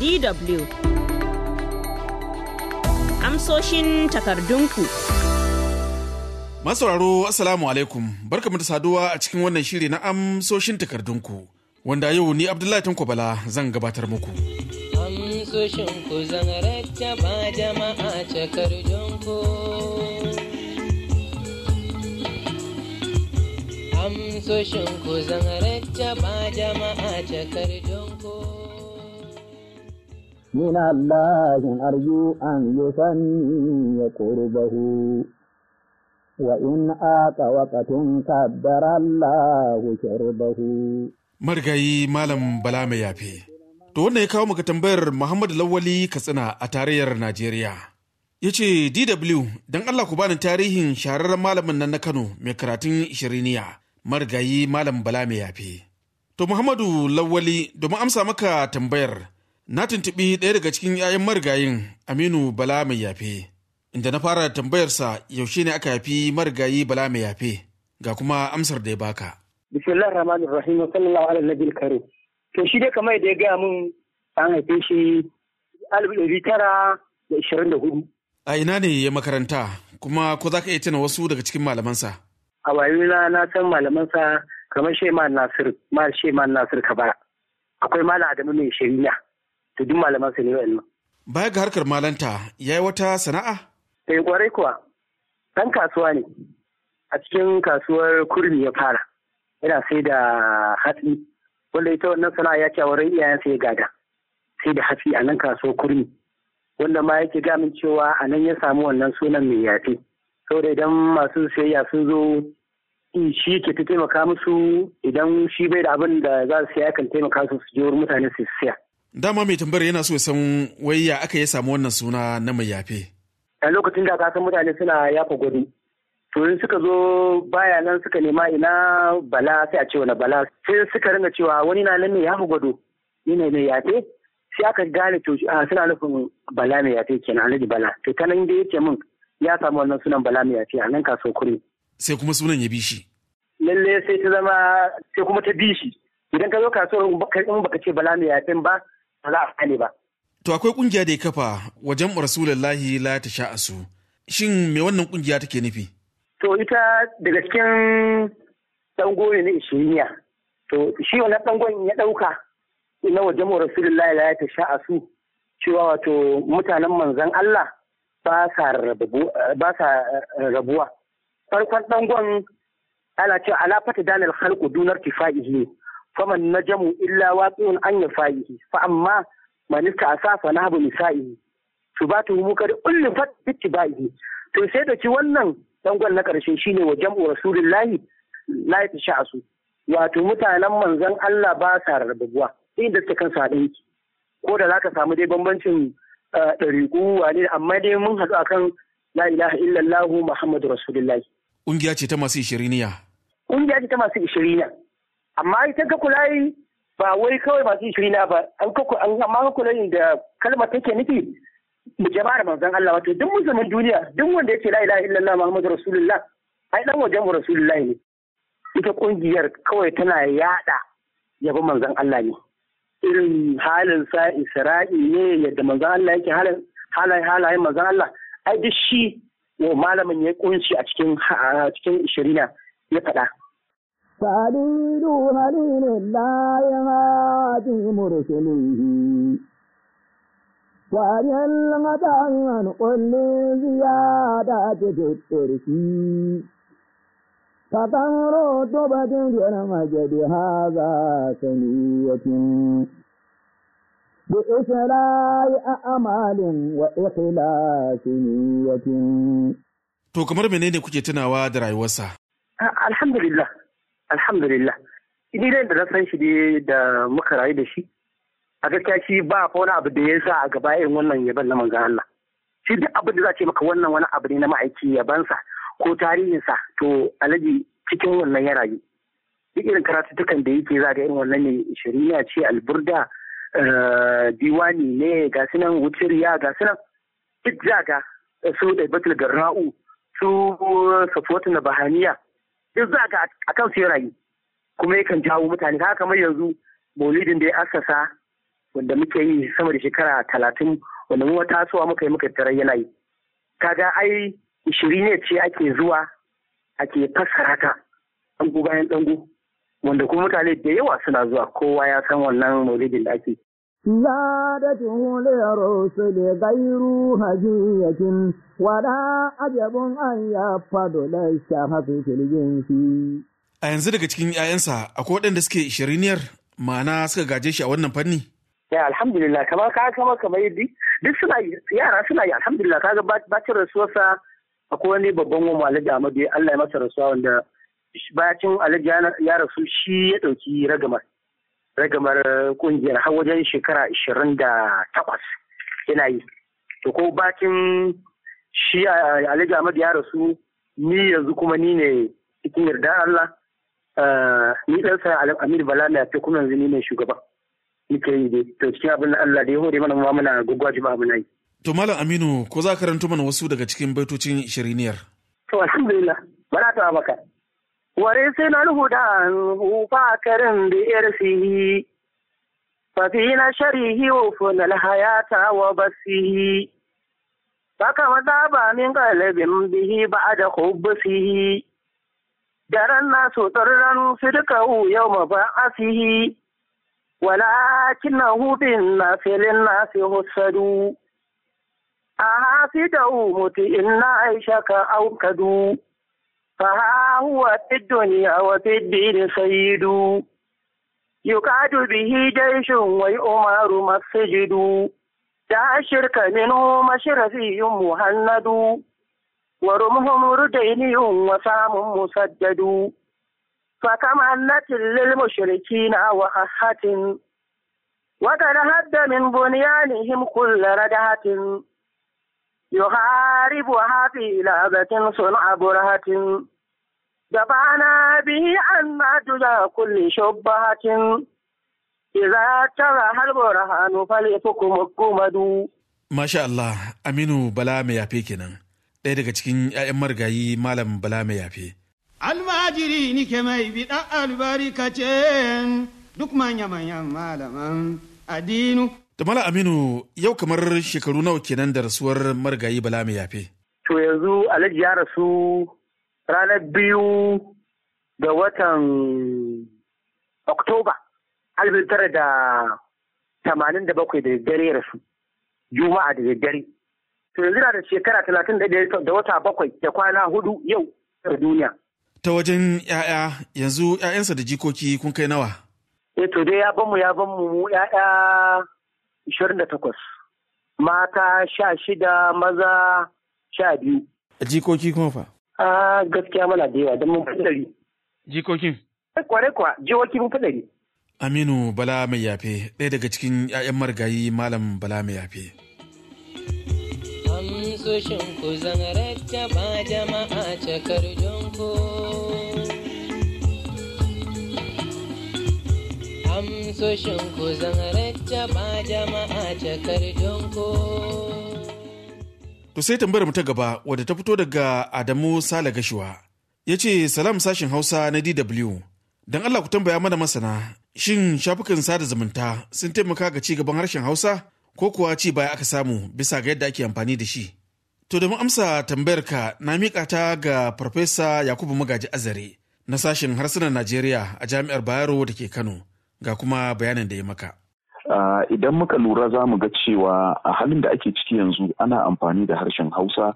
DW. Amsoshin takardunku. Masauraro Assalamu alaikum, barkamu da saduwa a cikin wannan shiri na amsoshin takardunku, wanda yau ni Abdullahi Tanko Bala zan gabatar muku. Amsoshin ku zan rattaba jama'a takardunku. amsoshin ku zan ba jama'a takardunku. من الله أرجو أن يثني قربه وإن آت وقت قدر الله شربه مرغي مالم بلا ميافي To wannan ya kawo maka tambayar Muhammadu Lawali Katsina a tarayyar Najeriya. Ya ce DW don Allah ku bani tarihin shahararren malamin nan na Kano mai karatun shiriniya marigayi Malam Bala mai yafe. To Muhammadu Lawali domin amsa maka tambayar Na tuntuɓi ɗaya daga cikin 'ya'yan marigayin Aminu Bala mai yafe, inda na fara tambayarsa yaushe ne aka haifi marigayi Bala mai yafe, ga kuma amsar da ya baka. Bismillah Rahman Rahim sallallahu alaihi nabil kare To shi dai kamar da ya gaya mun an haife shi alif ɗari tara da ishirin da hudu. A ina ne ya makaranta kuma ko za ka iya tuna wasu daga cikin malamansa? A wayuna na san malamansa kamar Sheman Nasir, Mal Sheman Nasir Kabara. Akwai Malam Adamu mai shari'a. to duk malaman su ne wa'annan baya ga harkar malanta yi wata sana'a eh kwarai kuwa ɗan kasuwa ne a cikin kasuwar kurmi ya fara yana sai da hatsi wanda ita wannan sana'a ya ce wurin iyayensa ya gada sai da hatsi a nan kasuwar kurmi wanda ma yake gamin cewa a nan ya samu wannan sunan mai yafi saboda idan masu sayayya sun zo in shi ke ta taimaka musu idan shi bai da abin da za su siya kan taimaka su su je wurin mutane su siya Dama mai tambayar yana so san wai ya aka ya samu wannan suna na mai yafe. A lokacin da kasan mutane suna yafa gwadi. To in suka zo baya nan suka nema ina bala sai a cewa na bala. Sai suka ringa cewa wani na nan mai yafa gwado. Ni ne mai yafe. Sai aka gane to suna nufin bala mai yafe kenan alaji bala. To ta nan da yake min ya samu wannan sunan bala mai yafe a nan kaso kure. Sai kuma sunan ya bi shi. Lalle sai ta zama sai kuma ta bi shi. Idan ka zo kasuwar in baka ce bala mai yafe ba ba za a ba. To akwai kungiya da ya kafa wajen Rasulullahi la ta sha asu. Shin me wannan kungiya take nufi? To ita daga cikin ɗangoyi na ishiriniya. To shi wani ɗangoyin ya ɗauka na wajen Rasulullahi la ta sha asu. Cewa wato mutanen manzan Allah ba sa rabuwa. Farkon ɗangon ana cewa ala fata dalil halku dunar kifa'i ne. faman najamu illa watsun an yafaihi fa amma na man ista'sa fa nahbu nisa'ihi tubatu kare kad ulfat ittibaihi to sai da ci wannan dangon na karshe shine wa jam'u rasulullahi la yatasha'asu wato mutanen manzon Allah ba sa rarrabuwa inda suke kan yake. ko da zaka samu dai bambancin ɗariƙu ne amma dai mun haɗu akan la ilaha illallahu muhammadu rasulullahi ƙungiya ce ta masu ishiriniya ƙungiya ce ta masu ishiriniya amma ita ga kulayi ba wai kawai masu ishirina ba amma ga kulayi da kalmar take nufi jama'ar manzon Allah wato duk musulmin duniya duk wanda yake la ilaha illallah muhammadu rasulullah ai dan wajen mu rasulullah ne ita kungiyar kawai tana yada yabo manzon Allah ne irin halin sa isra'i ne yadda manzon Allah yake halin halaye halayen manzon Allah ai duk shi malamin ya kunshi a cikin cikin ishirina ya faɗa فدين دين الله ماتي مرسليه وأري المطعن قل لزيادة الترسي فتمرد بدجر مجد هذا سنية بإسراء أعمال وإخلاص نية to kamar menene kuke tunawa da rayuwarsa alhamdulillah alhamdulillah ni dai da na san shi dai da muka rayu da shi a gaskiya shi ba fa wani abu da ya sa a gaba irin wannan yaban na manzon Allah shi duk abin da za ce maka wannan wani abu ne na ma'aiki yabansa ko tarihinsa to alaji cikin wannan ya rayu duk irin karatuttukan da yake za ga irin wannan ne shari'a ce alburda eh, diwani ne ga sunan wuciriya ga sunan duk za ga su da batul garra'u su safuwatu na bahaniya duk za a kan su rayu kuma yakan jawo mutane haka kamar yanzu maulidin da ya assasa wanda muke yi sama da shekara talatin wanda mu wata tasowa muka yi muka tarar yana yi kaga ai shiri ne ce ake zuwa ake fassara ta dango bayan dango wanda kuma mutane da yawa suna zuwa kowa ya san wannan maulidin da ake زادته لرسل غير هجية ولا عجب أن يفضل الشهف في الجنس a yanzu daga cikin 'ya'yansa akwai waɗanda suke shiriniyar ma'ana suka gaje shi a wannan fanni? Ya alhamdulillah kamar ka kama kamar yadda duk suna yara suna yi alhamdulillah kaga bacin rasuwarsa akwai wani babban wa Alhaji amadu, Allah ya masa rasuwa wanda bacin Alhaji ya rasu shi ya ɗauki ragamar ragamar kungiyar har wajen shekara ashirin da takwas yana yi to ko bakin shi alhaji ahmad ya rasu ni yanzu kuma ni ne cikin yarda allah ni sa amir bala na fi kuma yanzu ni ne Ni muke yi dai to cikin abin allah da ya hore mana ma muna gwaggwaji ba muna yi. to malam aminu ko za ka rantu mana wasu daga cikin baitocin shiriniyar. to alhamdulillah bana ta maka. Wari sun alhudan hufa karin da irfi, fafi na shari hiwu hayata wa basi, ba ka maza ba min galibin bihi ba a da hubusi, da ran na sotar ran su duka hu yau ma ba a fihi, wala kina na filin na fi hussadu, a hafi da hu mutu ina aisha ka aukadu. فها هو في الدنيا وفي الدين سيد يقعد به جيش ويؤمر مسجد دعا الشرك منه مشرفي مهند ورمه مردين وسام مسدد فكمهنة للمشركين وخحة وتنهد من بنيانهم كل ردهة يحاربها في لعبة صنع برهة دفعنا به عن دجى كل شبهة إذا ترى البرهان فليفكم الكمد ما شاء الله أمينو بلا ما ɗaya daga cikin 'ya'yan marigayi malam bala mai yafe. almajiri nike mai biɗa albarkacin duk manya-manyan malaman addinu Da Mala Aminu yau kamar shekaru nawa kenan da rasuwar marigayi Bala mai yafe. To yanzu Alhaji ya rasu ranar biyu ga watan Oktoba alifin tara da tamanin da bakwai da dare ya rasu Juma'a da dare. To yanzu da shekara talatin da da wata bakwai da kwana hudu yau a duniya. Ta wajen 'ya'ya yanzu 'ya'yansa da jikoki kun kai nawa? Eh to dai ya banmu ya banmu mu 'ya'ya 28 mata sha shida maza sha biyu jikoki kuma fa a gaskiya mana da yawa don mun fi ɗari jikokin kware eh, kwa jikoki mun fi aminu bala mai yafe ɗaya daga cikin 'ya'yan marigayi malam bala mai yafe amsoshin ku zan rattaba jama'a cakar ku amsoshin ku zan jama'a cakar jonko. To sai tambayar mu ta gaba wadda ta fito daga Adamu Sale Gashuwa. Ya ce salam sashin Hausa na DW. Don Allah ku tambaya mana masana, shin shafukan sada zumunta sun taimaka ga ci gaban harshen Hausa ko kuwa ci baya aka samu bisa ga yadda ake amfani da shi? To domin amsa tambayar ka na miƙa ta ga Farfesa Yakubu Magaji Azare na sashen harsunan Najeriya a Jami'ar Bayero da ke Kano. ga kuma bayanin da ya maka. idan muka lura za mu ga cewa a halin da ake ciki yanzu ana amfani da harshen hausa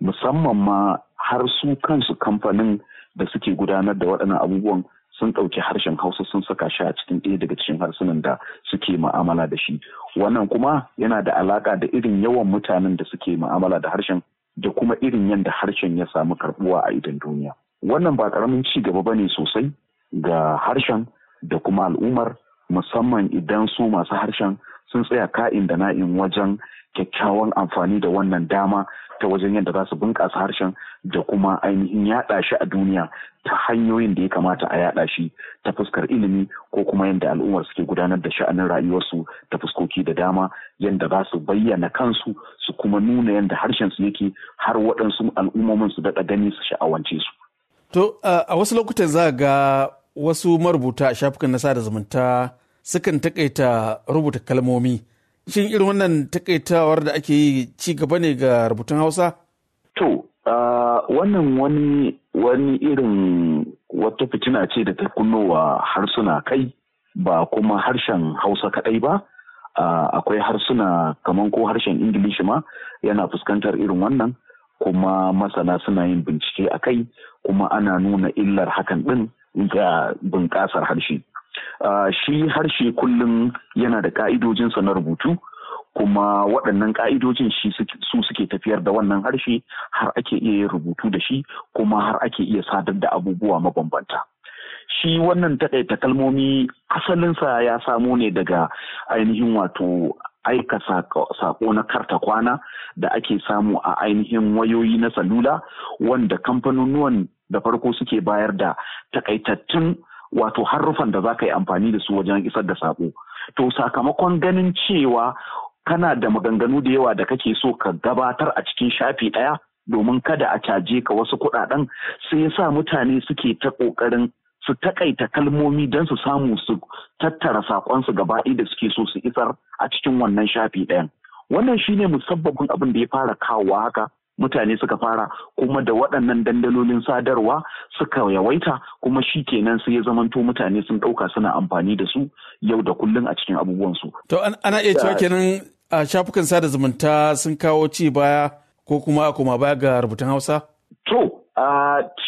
musamman ma har su kansu kamfanin da suke gudanar da waɗannan abubuwan sun ɗauki harshen hausa sun saka shi a cikin ɗaya daga cikin harsunan da suke ma'amala da shi wannan kuma yana da alaƙa da irin yawan mutanen da suke ma'amala da harshen da kuma irin yadda harshen ya samu karɓuwa a idan duniya wannan ba ƙaramin ci gaba ba ne sosai ga harshen da kuma al'ummar musamman idan su masu harshen sun tsaya ka'in da na'in wajen kyakkyawan amfani da wannan dama ta wajen yadda za su bunƙasa harshen da kuma ainihin yaɗa shi a duniya ta hanyoyin da ya kamata a yaɗa shi ta fuskar ilimi ko kuma yadda al'ummar suke gudanar da sha'anin rayuwarsu ta fuskoki da dama yadda za su bayyana kansu su kuma nuna yadda harshen su yake har waɗansu al'ummomin su daɗa gani su sha'awance su. To a wasu lokutan za ga wasu marubuta a shafukan nasa da zumunta sukan takaita rubuta kalmomi shin irin wannan takaitawar da ake yi ci gaba ne ga rubutun hausa to wannan wani wani irin wata fitina ce da ta kunnowa harsuna kai ba kuma harshen hausa kaɗai ba akwai harsuna kamar ko harshen ingilishi ma yana fuskantar irin wannan kuma masana suna yin bincike a kai kuma ana nuna illar hakan ɗin ga bunƙasar harshe. Shi harshe kullum yana da ƙa'idojinsa na rubutu, kuma waɗannan ƙa'idojin su suke tafiyar da wannan harshe har ake iya rubutu da shi kuma har ake iya sadar da abubuwa mabambanta. Shi wannan taƙaita kalmomi asalinsa ya samo ne daga ainihin wato aika sako na karta kwana da ake samu a ainihin wayoyi na salula wanda kamfanonuwan da farko suke bayar da takaitattun wato harufan da za ka yi amfani da su wajen isar da sako to sakamakon ganin cewa kana da maganganu da yawa da kake so ka gabatar a cikin shafi ɗaya domin kada a caje ka wasu kuɗaɗen sai ya sa mutane suke ta ƙoƙarin su takaita kalmomi don su samu su tattara saƙonsu gaba da suke so su isar a cikin wannan shafi ɗayan. Wannan shine musabbabin abin da ya fara kawowa haka mutane suka fara kuma da waɗannan dandalolin sadarwa suka yawaita kuma shi kenan sai ya zamanto mutane sun ɗauka suna amfani da su yau da kullum a cikin abubuwansu. To ana iya cewa kenan a shafukan sada zumunta sun kawo ci baya ko kuma koma baya ga rubutun Hausa? To,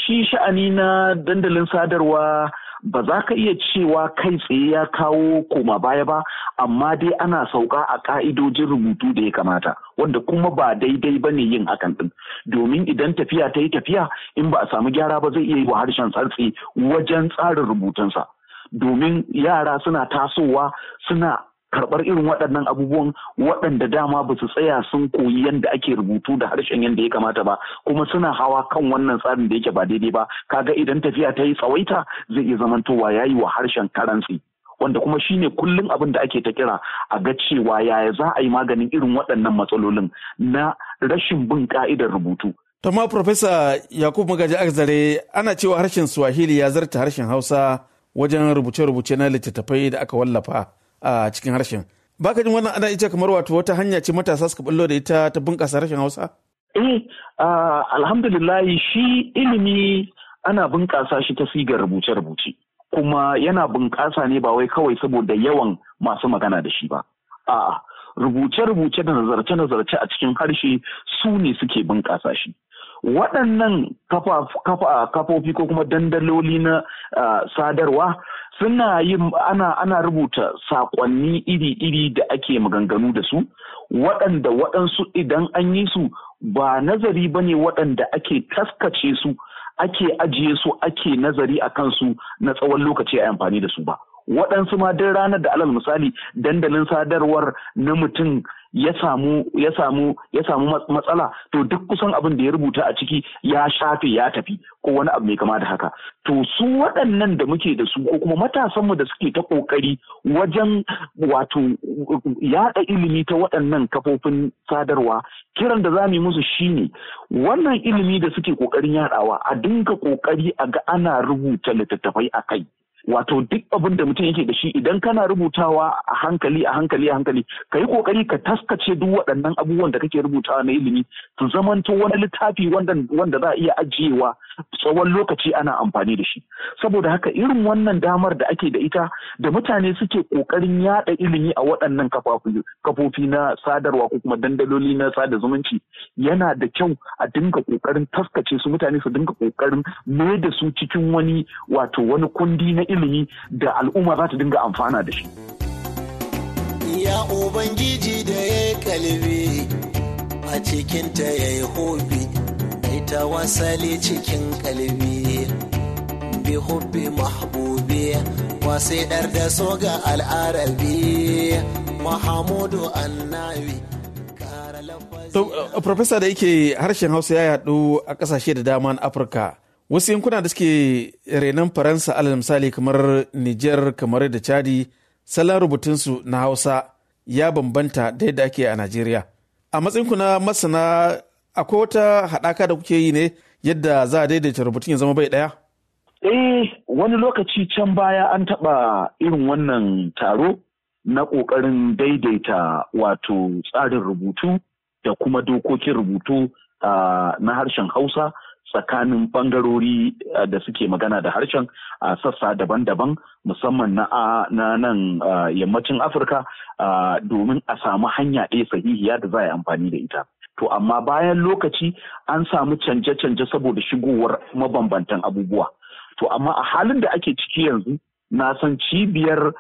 shi sha'ani na dandalin sadarwa ba za ka iya cewa kai tsaye ya kawo koma baya ba amma dai ana sauka a ka'idojin rubutu da ya kamata wanda kuma ba daidai ba ne yin hakan din domin idan tafiya ta yi tafiya in ba a samu gyara ba zai iya yi wa harshen tsartsi wajen tsarin rubutunsa domin yara suna tasowa suna karɓar irin waɗannan abubuwan waɗanda dama ba su tsaya sun koyi yadda ake rubutu da harshen yadda ya kamata ba kuma suna hawa kan wannan tsarin da yake ba daidai ba kaga idan tafiya ta yi tsawaita zai iya zamantowa ya yi wa harshen karansi wanda kuma shine kullum abin da ake ta kira a ga cewa yaya za a yi maganin irin waɗannan matsalolin na rashin bin ka'idar rubutu Tama Profesa Yakub Magaji Akzare ana cewa harshen Swahili ya zarta harshen Hausa wajen rubuce-rubuce na littattafai da aka wallafa. a cikin harshen baka jin wannan ana ita kamar wato wata hanya ce matasa suka ballo da ita ta bunƙasa harshen hausa eh alhamdulillah shi ilimi ana bunƙasa shi ta sigar rubuce-rubuce kuma yana bunƙasa ne ba wai kawai saboda yawan masu magana da shi ba a rubuce-rubuce da nazarce-nazarce a cikin harshe su ne suke bunƙasa shi waɗannan kafofi ko kuma dandaloli na sadarwa suna yi ana, rubuta saƙonni iri-iri da ake maganganu da su waɗanda waɗansu idan an yi su ba nazari ba ne waɗanda ake taskace su ake ajiye su ake nazari a kansu na tsawon lokaci a amfani da su ba waɗansu ma duk ranar da alal misali dandalin sadarwar na mutum ya samu ya samu ya samu matsala to duk kusan abin da ya rubuta a ciki ya shafe ya tafi ko wani abu mai kama da haka to su waɗannan da muke da su ko kuma matasanmu da suke ta ƙoƙari wajen wato yaɗa ilimi ta waɗannan kafofin sadarwa kiran da zamu yi musu shine wannan ilimi da suke kokarin yaɗawa a dinga ƙoƙari a ga ana rubuta littattafai a kai wato duk abin da mutum yake da shi idan kana rubutawa a hankali a hankali a hankali ka yi kokari ka taskace duk waɗannan abubuwan da kake rubutawa na ilimi su zamanto wani littafi wanda za a iya ajiyewa tsawon lokaci ana amfani da shi saboda haka irin wannan damar da ake da ita da mutane suke kokarin yada ilimi a waɗannan kafofi na sadarwa ko kuma dandaloli na sada zumunci yana da kyau a dinga kokarin taskace su mutane su dinga kokarin mai da su cikin wani wato wani kundi na ilimi da al'umma za ta dinga amfana da shi ya ubangiji da ya kalbi a cikinta ya yi hobi kai wasali cikin kalbi bi hubbi mahbubi wasai dar da so ga al'arabi mahamudu annabi To, uh, Profesa da yake harshen Hausa ya yaɗu a ƙasashe da dama na Afirka, wasu yankuna da suke renon Faransa alal misali kamar Nijar kamar da Chadi, salon rubutunsu na Hausa ya bambanta da yadda ake a Najeriya. A matsayinku na masana akwai wata haɗaka da kuke yi ne yadda za a daidaita rubutun ya zama bai ɗaya? Eh, wani lokaci can baya an taɓa irin wannan taro na ƙoƙarin daidaita wato tsarin rubutu da kuma dokokin rubutu na harshen Hausa tsakanin ɓangarori da suke magana da harshen a sassa daban-daban musamman na nan yammacin Afirka domin a samu hanya ɗaya sahihiya da za a yi amfani da ita. to amma bayan lokaci an samu canje-canje saboda shigowar mabambantan abubuwa to amma a halin da ake ciki yanzu na san cibiyar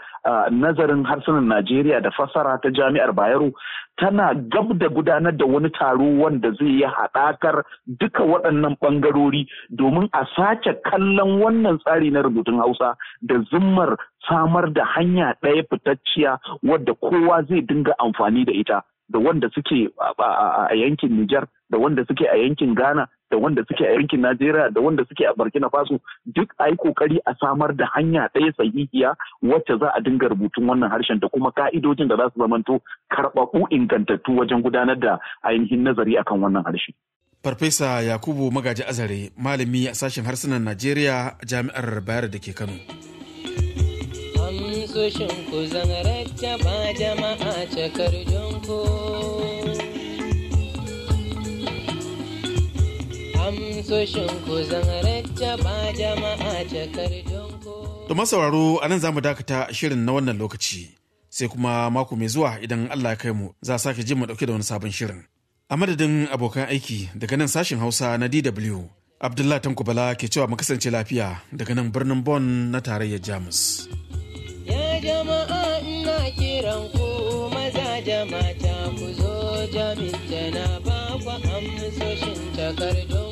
nazarin harsunan najeriya da fasara ta jami'ar bayero tana gab da gudanar da wani taro wanda zai yi haɗakar duka waɗannan ɓangarori domin a sace kallon wannan tsari na rubutun hausa da zummar samar da hanya ɗaya fitacciya wadda kowa zai dinga amfani da ita da wanda suke a yankin Nijar da wanda suke a yankin Ghana da wanda suke a yankin Najeriya da wanda suke a Burkina Faso duk a yi kokari a samar da hanya ɗaya sahihiya wacce za a dinga rubutun wannan harshen da kuma ka'idojin da za su zamanto karɓaɓu ingantattu wajen gudanar da ainihin nazari akan wannan harshe. Farfesa Yakubu Magaji Azare, malami a sashen harsunan Najeriya jami'ar Bayar da ke Kano. amsoshin ku zan ba jama'a cakardun ku amsoshin ku zan ba jama'a cakar ku to masauraro a nan za mu dakata shirin na wannan lokaci sai kuma mako mai zuwa idan Allah ya kai mu za a sake ji mu dauke da wani sabon shirin a madadin abokan aiki daga nan sashin hausa na dw Abdullah "Tanku" Bala ke cewa mu kasance lafiya daga nan birnin Bon na tarayyar Jamus. jama'a ina kiran ku maza da mata ku zo jami'a na ba ku amsoshin takardun